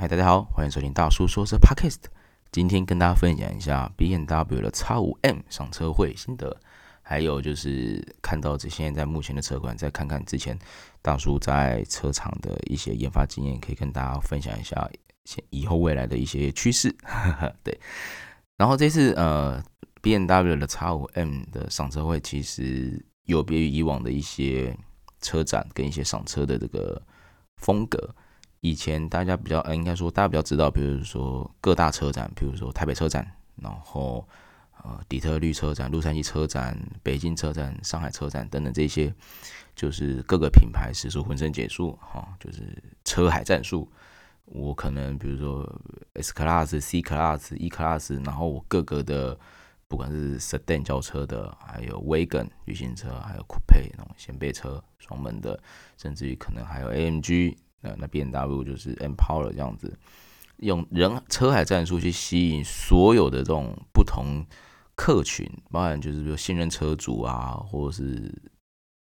嗨，大家好，歡迎收聽大叔說車 Podcast。今天跟大家分享一下 BMW 的 X5M 賞車會心得，還有就是看到這現在，在目前的車款，再看看之前大叔在車廠的一些研發經驗，可以跟大家分享一下以後未來的一些趨勢。呵呵對，然後這次呃 BMW 的 X5M 的賞車會，其實有別於以往的一些車展跟一些賞車的這個風格。以前大家比較，呃，應該說大家比較知道，比如說各大車展，比如說台北車展，然後呃底特律車展、洛杉磯車展、北京車展、上海車展等等這些，就是各個品牌使出渾身解數，哈、哦，就是車海戰術。我可能比如說 S Class、C Class、E Class，然後我各個的不管是 sedan 轎車的，還有 wagon 旅行車，還有 coupe 那種掀背車、雙門的，甚至於可能還有 AMG。呃，那 BMW 就是 M Power 這樣子，用人車海戰術去吸引所有的這種不同客群，包含就是比如現任車主啊，或者是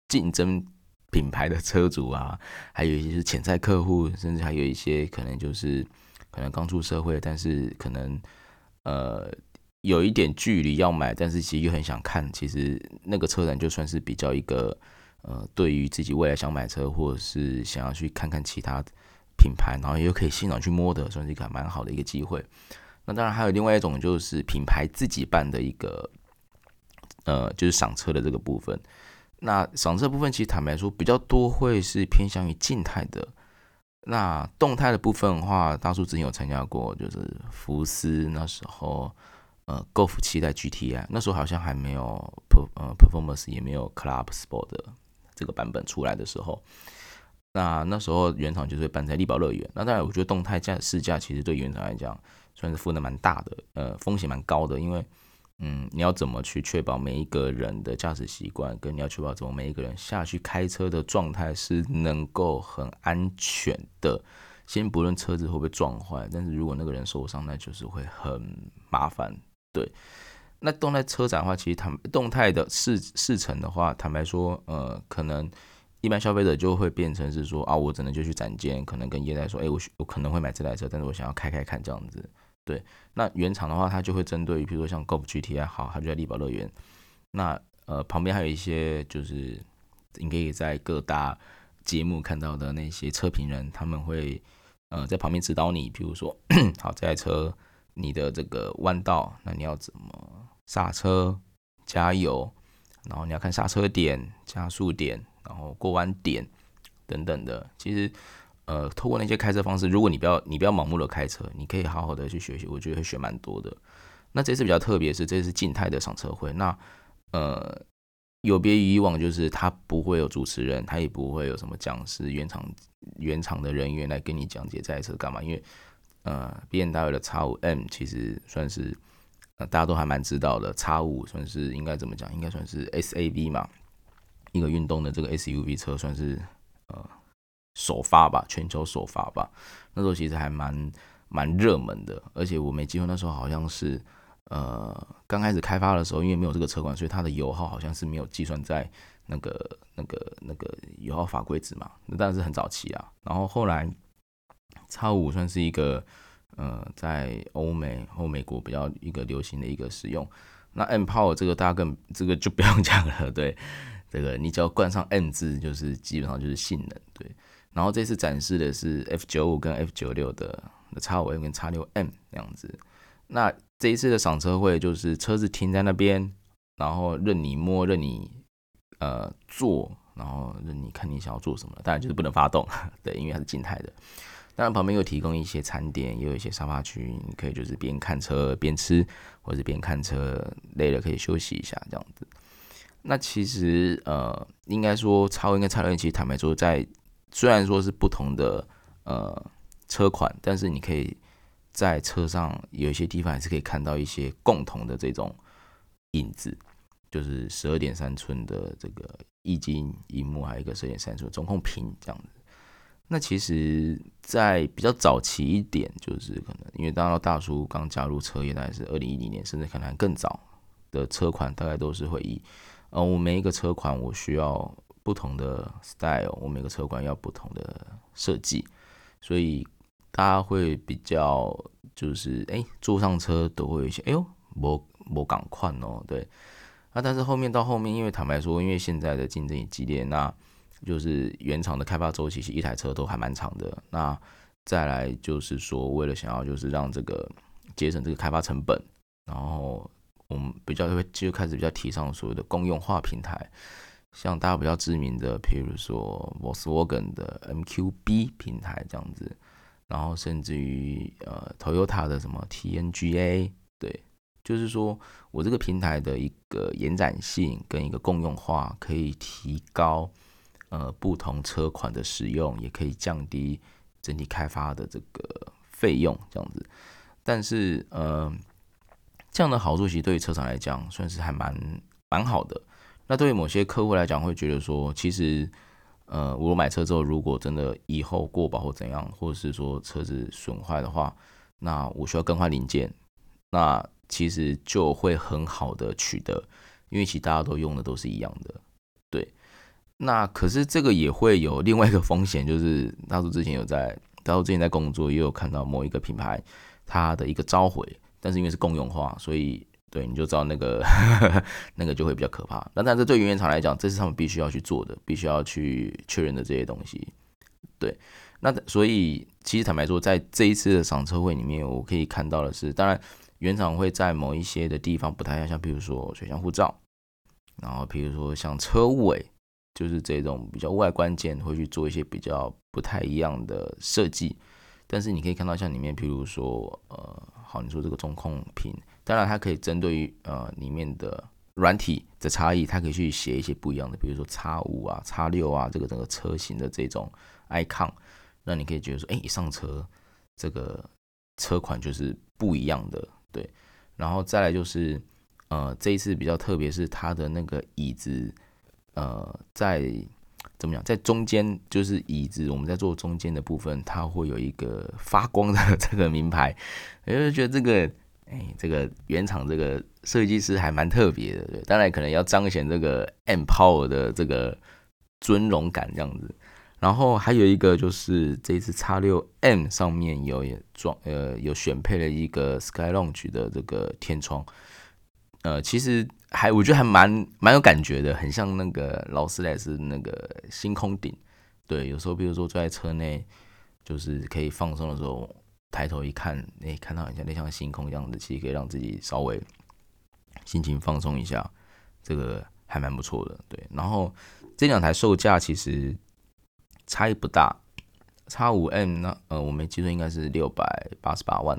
競爭品牌的車主啊，還有一些是潛在客戶，甚至還有一些可能就是可能剛出社會，但是可能呃有一點距離要買，但是其實又很想看，其實那個車展就算是比較一個。呃，對於自己未來想買車，或者是想要去看看其他品牌，然後又可以現場去摸的，算是一個還蠻好的一個機會。那當然還有另外一種，就是品牌自己辦的一個，呃，就是賞車的這個部分。那賞車部分其實坦白說，比較多會是偏向於靜態的。那動態的部分的話，大叔之前有參加過，就是福斯那時候，呃，Golf 七代 GTI，那時候好像還沒有 Per 呃 Performance，也沒有 Club Sport。這個版本出來的時候，那那時候原廠就是辦在麗寶樂園。那當然，我覺得動態駕駛試駕其實對原廠來講，算是負擔蠻大的，呃，風險蠻高的。因為，嗯，你要怎麼去確保每一個人的駕駛習慣，跟你要確保怎麼每一個人下去開車的狀態是能夠很安全的。先不論車子會不會撞壞，但是如果那個人受傷，那就是會很麻煩。對。那動態車展的話，其實坦動態的試試乘的話，坦白說，呃，可能一般消費者就會變成是說啊，我只能就去展間，可能跟業代說，哎、欸，我我可能會買這台車，但是我想要開開看這樣子。對，那原廠的話，它就會針對於，比如說像 Golf GTI 好，它就在麗寶樂園。那呃旁邊還有一些，就是應該也在各大節目看到的那些車評人，他們會呃在旁邊指導你，比如說， 好這台車，你的這個彎道，那你要怎麼？剎車、加油，然後你要看剎車點、加速點，然後過彎點等等的。其實，呃，透過那些開車方式，如果你不要你不要盲目的開車，你可以好好的去學習，我覺得會學蠻多的。那這次比較特別是，這是靜態的賞車會。那呃，有別於以往，就是他不會有主持人，他也不會有什麼講師原、原廠原廠的人員來跟你講解這台車幹嘛。因為呃，BMW 的 X5 M 其實算是。那大家都還蠻知道的，X5 算是應該怎麼講？應該算是 SAV 嘛，一個運動的這個 SUV 車算是呃首發吧，全球首發吧。那時候其實還蠻蠻熱門的，而且我沒記錯，那時候好像是呃剛開始開發的時候，因為沒有這個車款，所以它的油耗好像是沒有計算在那個那個那個油耗法規值嘛。那當然是很早期啊。然後後來 X5 算是一個。呃，在歐美或美國比較一個流行的一個使用，那 M Power 這個大家更這個就不用講了，對，這個你只要冠上 M 字，就是基本上就是性能，對。然後這次展示的是 F 九五跟 F 九六的 X5M 跟 X6M 這樣子。那這一次的賞車會就是車子停在那邊，然後任你摸，任你呃坐，然後任你看你想要做什麼的，當然就是不能發動，對，因為它是靜態的。當然，旁邊有提供一些餐點，也有一些沙發區，你可以就是邊看車邊吃，或者邊看車累了可以休息一下這樣子。那其實呃，應該說，X5M 跟 X6M 其實坦白說在，在雖然說是不同的呃車款，但是你可以在車上有一些地方還是可以看到一些共同的這種影子，就是十二點三寸的這個液晶熒幕，還有一個十二點三寸中控屏這樣子。那其實，在比較早期一點，就是可能因為當大叔剛加入車業，大概是二零一零年，甚至可能還更早的車款，大概都是會以，而我每一個車款我需要不同的 style，我每個車款要不同的設計，所以大家會比較就是，哎，坐上車都會有一些，哎呦，模模感寬哦，對、啊。那但是後面到後面，因為坦白說，因為現在的競爭也激烈，那。就是原廠的開發周期，其實一台車都還蠻長的。那再來就是說，為了想要就是讓這個節省這個開發成本，然後我們比較會就開始比較提倡所謂的公用化平台，像大家比較知名的，譬如說 Volkswagen 的 MQB 平台這樣子，然後甚至於呃 Toyota 的什麼 TNGA，對，就是說我這個平台的一個延展性跟一個共用化，可以提高。呃，不同車款的使用也可以降低整體開發的這個費用，這樣子。但是，呃，這樣的好處其實對於車廠來講，算是還蠻蠻好的。那對於某些客戶來講，會覺得說，其實，呃，我買車之後，如果真的以後過保或怎樣，或者是說車子損壞的話，那我需要更換零件，那其實就會很好的取得，因為其實大家都用的都是一樣的。那可是，這個也會有另外一個風險，就是大叔之前有在大叔之前在工作，也有看到某一個品牌它的一個召回，但是因為是共用化，所以對，你就知道那個 那個就會比較可怕。那但是對原廠來講，這是他們必須要去做的，必須要去確認的這些東西。對，那所以其實坦白說，在這一次的賞車會裡面，我可以看到的是，當然原廠會在某一些的地方不太像，比如說水箱護罩，然後比如說像車尾。就是這種比較外觀件會去做一些比較不太一樣的設計，但是你可以看到像裡面，比如說呃，好你說這個中控屏，當然它可以針對於呃裡面的軟體的差異，它可以去寫一些不一樣的，比如說 X5 啊、X6 啊這個整個車型的這種 icon，那你可以覺得說，哎，上車這個車款就是不一樣的，對，然後再來就是呃這一次比較特別是它的那個椅子。呃，在怎麼講，在中間就是椅子，我們在坐中間的部分，它會有一個發光的這個名牌，我就覺得這個，哎、欸，這個原廠這個設計師還蠻特別的，對，當然可能要彰顯這個 M Power 的這個尊榮感這樣子。然後還有一個就是這次叉六 M 上面有也裝，呃，有選配了一個 Sky Lounge 的這個天窗。呃，其實還我覺得還蠻蠻有感覺的，很像那個勞斯萊斯那個星空頂。對，有時候比如說坐在車內，就是可以放鬆的時候，抬頭一看，誒、欸，看到很像那像星空一樣的，其實可以讓自己稍微心情放鬆一下，這個還蠻不錯的。對，然後這兩台售價其實差異不大，X5M 那呃我沒記錯應該是六百八十八萬，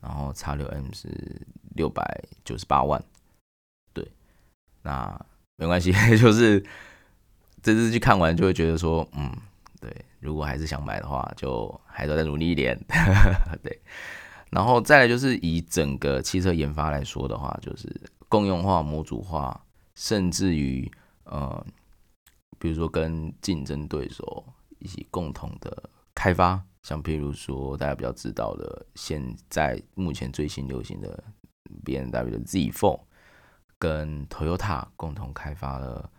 然後 X6M 是六百九十八萬。那沒關係，就是這次去看完就會覺得說，嗯，對，如果還是想買的話，就還是要再努力一點，呵呵。對，然後再來就是以整個汽車研發來說的話，就是共用化、模組化，甚至於呃，比如說跟競爭對手一起共同的開發，像譬如說大家比較知道的，現在目前最新流行的 BMW 的 Z4。跟 Toyota 共同開發了，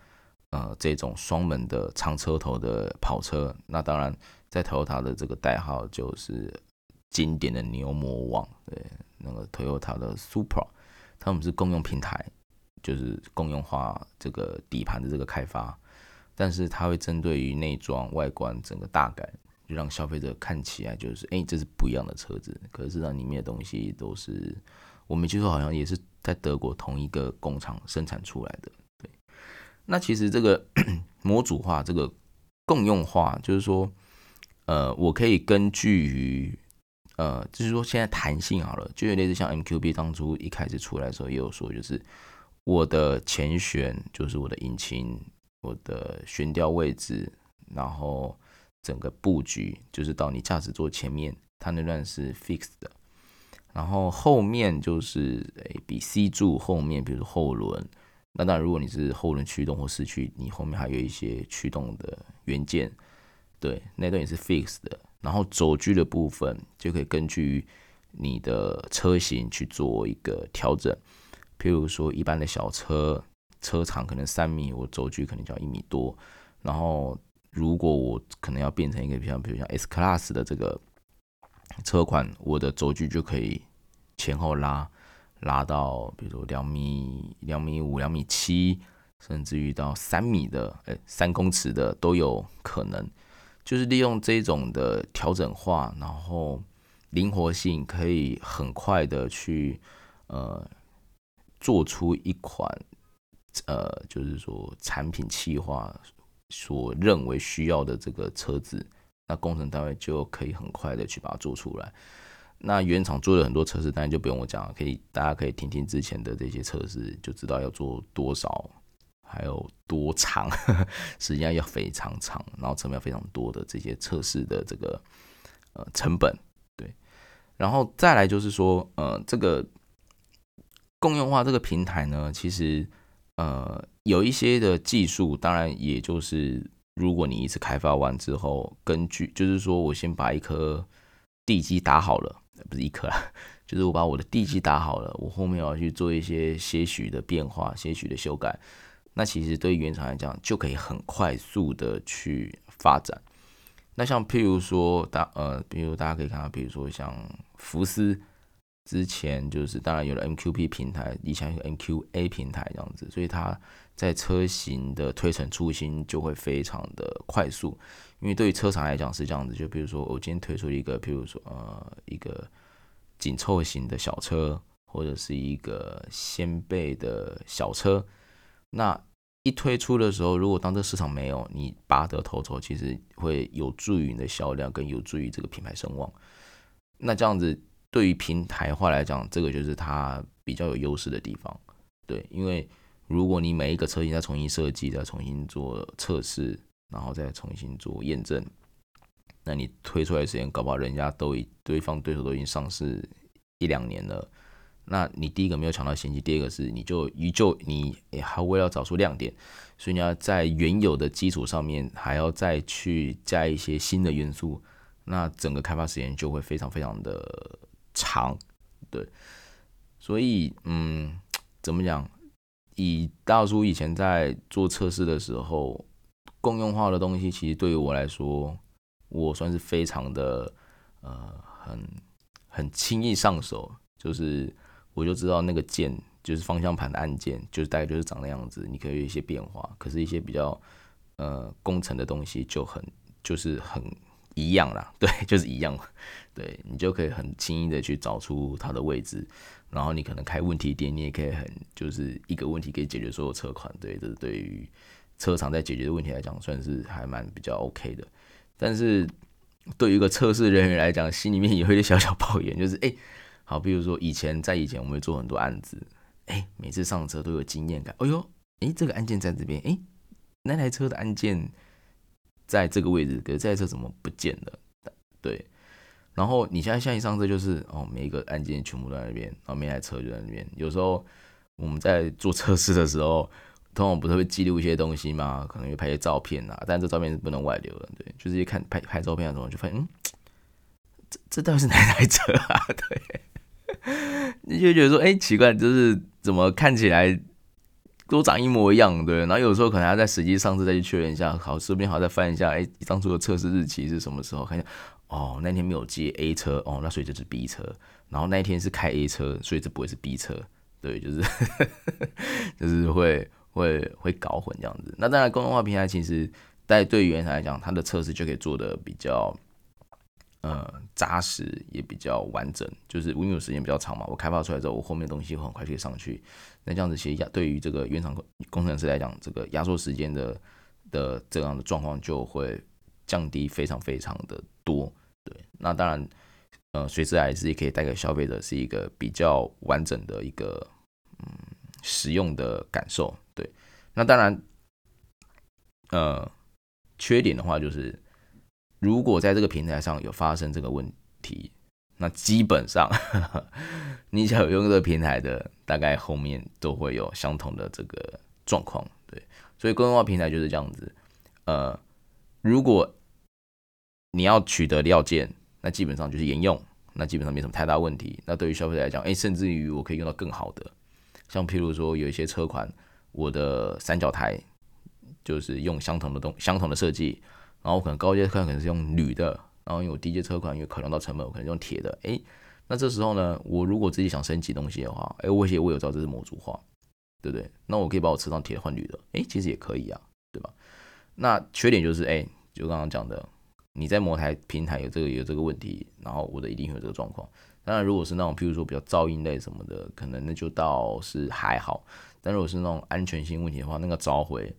呃，這種雙門的長車頭的跑車。那當然，在 Toyota 的這個代號就是經典的牛魔王，對，那個 Toyota 的 Supra，他們是共用平台，就是共用化這個底盤的這個開發，但是它會針對於內裝、外觀整個大改，就讓消費者看起來就是，哎、欸，這是不一樣的車子，可是呢，裡面的東西都是。我們就說好像也是在德國同一個工廠生產出來的。對，那其實這個 模組化、這個共用化，就是說，呃，我可以根據於，呃，就是說現在彈性好了，就有類似像 MQB 當初一開始出來的時候也有說，就是我的前懸，就是我的引擎、我的懸吊位置，然後整個佈局，就是到你駕駛座前面，它那段是 fixed 的。然後後面就是誒，比 C 柱後面，比如後輪。那當然，如果你是後輪驅動或四驅，你後面還有一些驅動的元件，對，那段也是 fixed 的。然後軸距的部分就可以根據你的車型去做一個調整。譬如說，一般的小車車長可能三米，我軸距可能就要一米多。然後，如果我可能要變成一個比方，像比如像 S Class 的這個車款，我的軸距就可以。前後拉拉到，比如兩米、兩米五、兩米七，甚至於到三米的，欸，三公尺的都有可能。就是利用這種的調整化，然後靈活性可以很快的去呃做出一款呃，就是說產品企劃所認為需要的這個車子，那工程單位就可以很快的去把它做出來。那原廠做了很多測試，當然就不用我講了。可以，大家可以聽聽之前的這些測試，就知道要做多少，還有多長，呵呵時間要非常長，然後成本要非常多的這些測試的這個呃成本。對，然後再來就是說，呃，這個共用化這個平台呢，其實呃有一些的技術，當然也就是如果你一次開發完之後，根據就是說我先把一顆地基打好了。不是一顆啦，就是我把我的地基打好了，我後面要去做一些些許的變化，些許的修改。那其實對於原廠來講，就可以很快速的去發展。那像譬如說大呃，比如大家可以看到，比如說像福斯之前就是當然有了 MQP 平台，以前有 MQA 平台這樣子，所以它在車型的推陳出新就會非常的快速。因為對於車廠來講是這樣子，就比如說我今天推出一個，比如說呃一個緊湊型的小車，或者是一個掀背的小車，那一推出的時候，如果當這市場沒有你拔得頭籌，其實會有助於你的銷量，更有助於這個品牌聲望。那這樣子對於平台化來講，這個就是它比較有優勢的地方，對，因為如果你每一個車型再重新設計，再重新做測試。然後再重新做驗證，那你推出來的時間，搞不好人家都已對方對手都已經上市一兩年了，那你第一個沒有搶到先機，第二個是你就依舊你、欸、還為了找出亮點，所以你要在原有的基礎上面還要再去加一些新的元素，那整個開發時間就會非常非常的長，對，所以嗯，怎麼講？以大叔以前在做測試的時候。共用化的東西，其實對於我來說，我算是非常的呃，很很輕易上手。就是我就知道那個鍵，就是方向盤的按鍵，就是大概就是長那樣子。你可以有一些變化，可是一些比較呃工程的東西就很就是很一樣啦。對，就是一樣。對你就可以很輕易的去找出它的位置。然後你可能開問題點，你也可以很就是一個問題可以解決所有車款。對，這、就是對於。車廠在解決的問題來講，算是還蠻比較 OK 的。但是，對於一個測試人員來講，心裡面也會有一些小小抱怨，就是哎、欸，好，比如說以前在以前，我們會做很多案子，哎、欸，每次上車都有經驗感，哎呦，哎、欸，這個按鍵在這邊，哎、欸，那台車的按鍵在這個位置，可是這台車怎麼不見了？對。然後你現在像一上車就是，哦，每一個按鍵全部都在那邊，然後每台車就在那邊。有時候我們在做測試的時候，通常不是會記錄一些東西嘛，可能會拍些照片啊，但這照片是不能外流的，對。就是一看拍拍照片啊的時候，就發現，嗯，這這到底是哪台車啊？對， 你就覺得說，哎、欸，奇怪，就是怎麼看起來都長一模一樣，對。然後有時候可能還要在實際上次再去確認一下，好，順便好再翻一下，哎、欸，當初的測試日期是什麼時候？看一下，哦，那天沒有接 A 車，哦，那所以就是 B 車。然後那一天是開 A 車，所以這不會是 B 車，對，就是， 就是會。會會搞混這樣子，那當然，公眾號平台其實但對於原廠來講，它的測試就可以做的比較，呃紮實，也比較完整。就是維護時間比較長嘛，我開發出來之後，我後面的東西很快就上去。那這樣子，其實對於這個原廠工程師來講，這個壓縮時間的的這樣的狀況就會降低非常非常的多。對，那當然，呃，隨時還是可以帶給消費者是一個比較完整的一個，嗯。使用的感受，對，那當然，呃，缺點的話就是，如果在這個平台上有發生這個問題，那基本上呵呵你想用這個平台的，大概後面都會有相同的這個狀況，對，所以共用化平台就是這樣子，呃，如果你要取得料件，那基本上就是沿用，那基本上沒什麼太大問題，那對於消費者來講，哎、欸，甚至於我可以用到更好的。像譬如說有一些車款，我的三角台就是用相同的東，相同的設計，然後我可能高階車款可能是用鋁的，然後有低階車款因為考量到成本，我可能是用鐵的。哎、欸，那這時候呢，我如果自己想升級東西的話，哎、欸，我也我有知道這是模組化，對不對？那我可以把我車上鐵換鋁的，哎、欸，其實也可以啊，對吧？那缺點就是，哎、欸，就剛剛講的，你在模台平台有這個有這個問題，然後我的一定有這個狀況。當然，如果是那種，譬如說比較噪音類什麼的，可能那就倒是還好。但如果是那種安全性問題的話，那個召回，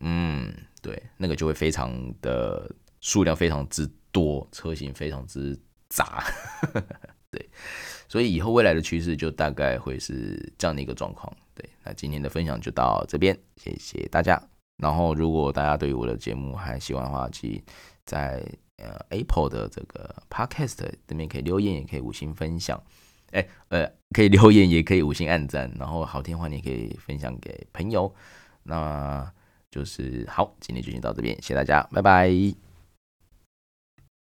嗯，對，那個就會非常的數量非常之多，車型非常之雜。 對，所以以後未來的趨勢就大概會是這樣的一個狀況。對，那今天的分享就到這邊，謝謝大家。然後，如果大家對於我的節目還喜歡的話，請在。呃、uh,，Apple 的這個 Podcast 這邊可以留言，也可以五星分享。誒、欸，呃，可以留言，也可以五星按讚。然後好聽的話，你也可以分享給朋友。那就是好，今天就先到這邊，謝謝大家，拜拜。